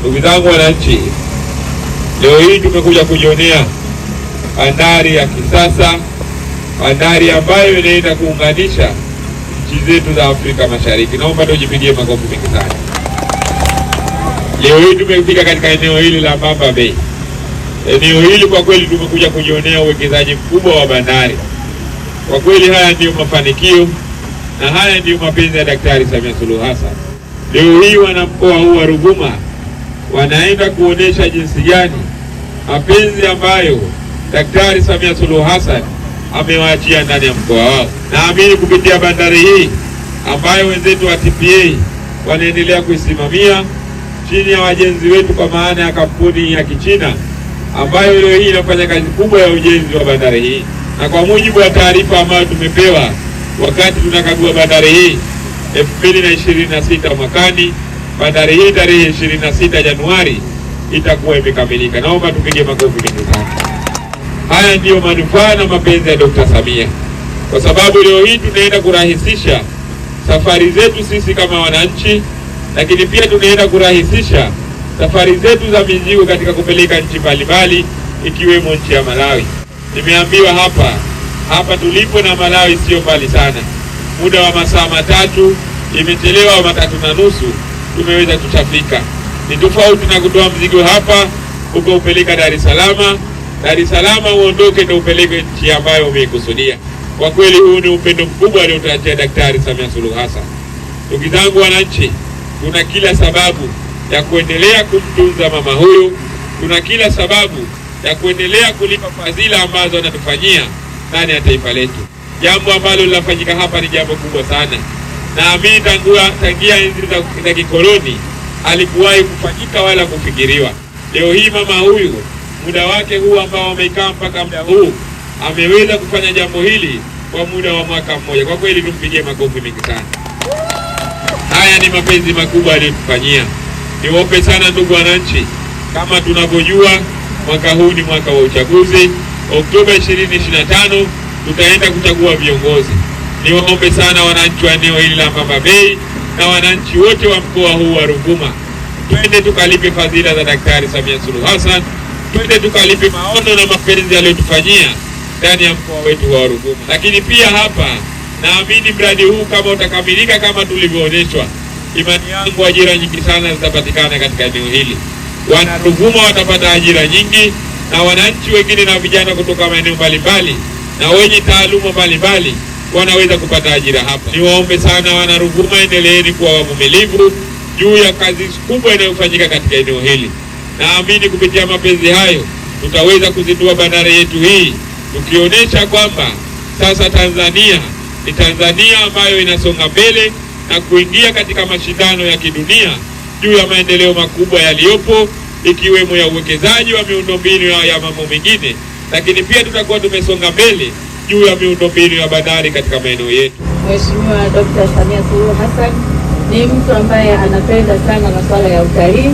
Ndugu zangu wananchi, leo hii tumekuja kujionea bandari ya kisasa, bandari ambayo inaenda kuunganisha nchi zetu za Afrika Mashariki. Naomba ndio jipigie makofi mengi sana. Leo hii tumefika katika eneo hili la Mamba Bay. Eneo hili kwa kweli tumekuja kujionea uwekezaji mkubwa wa bandari. Kwa kweli haya ndiyo mafanikio na haya ndiyo mapenzi ya Daktari Samia Suluhu Hassan. Leo hii wanamkoa huu wa Ruvuma wanaenda kuonesha jinsi gani mapenzi ambayo Daktari Samia Suluhu Hassan amewaachia ndani ya mkoa wao. Naamini kupitia bandari hii ambayo wenzetu wa TPA wanaendelea kuisimamia chini ya wajenzi wetu, kwa maana ya kampuni ya Kichina ambayo leo hii inafanya kazi kubwa ya ujenzi wa bandari hii, na kwa mujibu wa taarifa ambayo tumepewa wakati tunakagua bandari hii 2026 mwakani bandari hii tarehe 26 Januari itakuwa imekamilika. Naomba tupige makofi ndugu zangu. Haya ndiyo manufaa na mapenzi ya Dr. Samia, kwa sababu leo hii tunaenda kurahisisha safari zetu sisi kama wananchi, lakini pia tunaenda kurahisisha safari zetu za mizigo katika kupeleka nchi mbalimbali ikiwemo nchi ya Malawi. Nimeambiwa hapa hapa tulipo na Malawi sio mbali sana, muda wa masaa matatu, imechelewa matatu na nusu tumeweza kutafika. Ni tofauti na kutoa mzigo hapa ukaupeleka Dar es Salaam, Dar es Salaam uondoke na upeleke nchi ambayo umeikusudia. Kwa kweli huu ni upendo mkubwa aliotuachia Daktari Samia Suluhu Hassan. Ndugu zangu wananchi, tuna kila sababu ya kuendelea kumtunza mama huyu, tuna kila sababu ya kuendelea kulipa fadhila ambazo anatufanyia ndani ya taifa letu. Jambo ambalo linafanyika hapa ni jambo kubwa sana naamini tangia, tangia enzi za kikoloni alikuwahi kufanyika wala kufikiriwa. Leo hii mama huyu muda wake huu ambao amekaa mpaka muda huu ameweza kufanya jambo hili kwa muda wa mwaka mmoja. Kwa kweli tumpigie makofi mengi sana. Haya ni mapenzi makubwa aliyotufanyia. Niwaombe sana ndugu wananchi, kama tunavyojua mwaka huu ni mwaka wa uchaguzi. Oktoba 2025 tutaenda kuchagua viongozi. Niwaombe sana wananchi wa eneo hili la Mbamba Bay na wananchi wote wa mkoa huu wa Ruvuma, twende tukalipe fadhila za Daktari Samia Suluhu Hassan, twende tukalipe maono na mapenzi aliyotufanyia ndani ya mkoa wetu wa Ruvuma. Lakini pia hapa naamini mradi huu kama utakamilika kama tulivyoonyeshwa, imani yangu ajira nyingi sana zitapatikana katika eneo hili. Wanaruvuma watapata ajira nyingi na wananchi wengine na vijana kutoka maeneo mbalimbali na wenye taaluma mbalimbali wanaweza kupata ajira hapa. Niwaombe sana wana Ruvuma, endeleeni kuwa wavumilivu juu ya kazi kubwa inayofanyika katika eneo hili. Naamini kupitia mapenzi hayo tutaweza kuzindua bandari yetu hii tukionyesha kwamba sasa Tanzania ni Tanzania ambayo inasonga mbele na kuingia katika mashindano ya kidunia juu ya maendeleo makubwa yaliyopo ikiwemo ya uwekezaji wa miundombinu ya mambo mengine, lakini pia tutakuwa tumesonga mbele juu ya miundombinu ya bandari katika maeneo yetu. Mheshimiwa Dkt. Samia Suluhu Hassan ni mtu ambaye anapenda sana masuala ya utalii,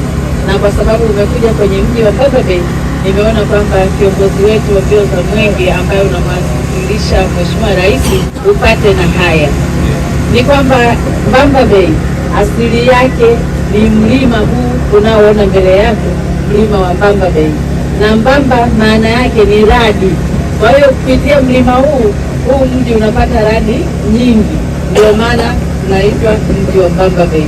na kwa sababu umekuja kwenye mji wa Papa nimeona kwamba kiongozi wetu wa mbio za mwenge ambaye unamwasilisha Mheshimiwa Rais upate na haya ni kwamba Pamba Bay asili yake ni mlima huu unaoona mbele yako, mlima wa Pamba Bay, na Mbamba maana yake ni radi. Kwa hiyo kupitia mlima huu huu mji unapata radi nyingi, ndio maana unaitwa mji wa Mbamba Bay.